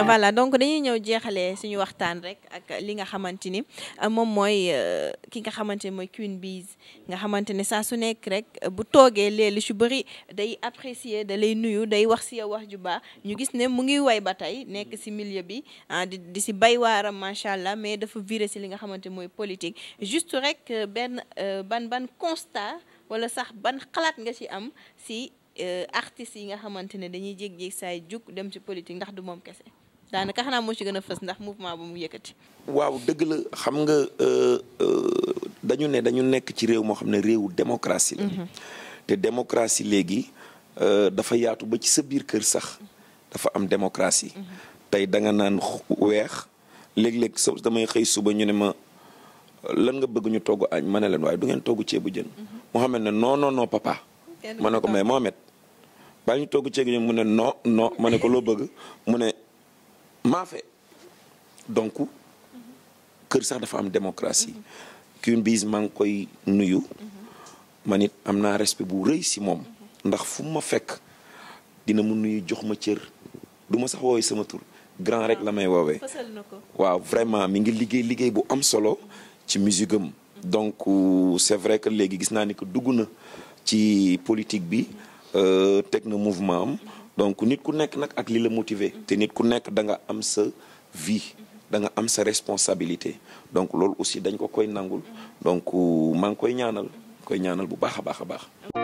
Euh, voilà donc dañuy ñëw jeexalee suñu waxtaan rek ak li nga xamante ni euh, moom mooy euh, ki nga xamante ni mooy Queen Biz nga xamante ni saa su nekk rek bu toogee lee li su bëri day apprécier da lay nuyu day wax si yow wax ju baax ñu gis ne mu ngi woy ba tey nekk si millier bi ah, di di si bay waaram macha allah mais dafa viré si li nga xamante ni mooy politique juste rek benn ban ban constat wala sax ban xalaat nga ci am si artistes yi nga xamante ne dañuy jég-jéeg saay jug dem ci politique ndax du moom kese daanaka xanaa moo ci gën a fës ndax mouvement bu mu yëkkati. waaw dëgg la xam nga euh, euh, dañu ne dañu nekk ci réew moo xam ne réewu démocratie la. Mhm. te démocratie léegi euh, dafa yaatu ba ci sa biir kër sax dafa am démocratie. Mhm. tey danga nga naan weex léeg-léeg so damay xëy suba ñu ne ma lan nga bëgg ñu togg añ ma ne leen waaye du ngeen togg ceebu jën. Mhm. Mohamed ne non non non ne ko mais Mohamed baa ñu togg ceebu mu ne ma ne ko loo bëgg mu ne. maa fait donc kër sax dafa am démocratie Queen Biz maa ngi koy nuyu man it am naa respect bu rëy si moom ndax fu ma fekk dina mu nuyu jox ma cër du ma sax woowee sama tour grand rek la may woowee ah, waaw vraiment mi ngi liggéey liggéey bu am solo ci musique am donc c'est vrai que léegi gis naa ni que dugg na ci politique bi euh, teg na mouvement am donc nit ku nekk nag ak li la motiver. te nit ku nekk da nga am sa vie. danga am sa responsabilité donc loolu aussi dañ ko koy nangul donc euh, maa ngi koy ñaanal koy ñaanal bu baax a baax a baax.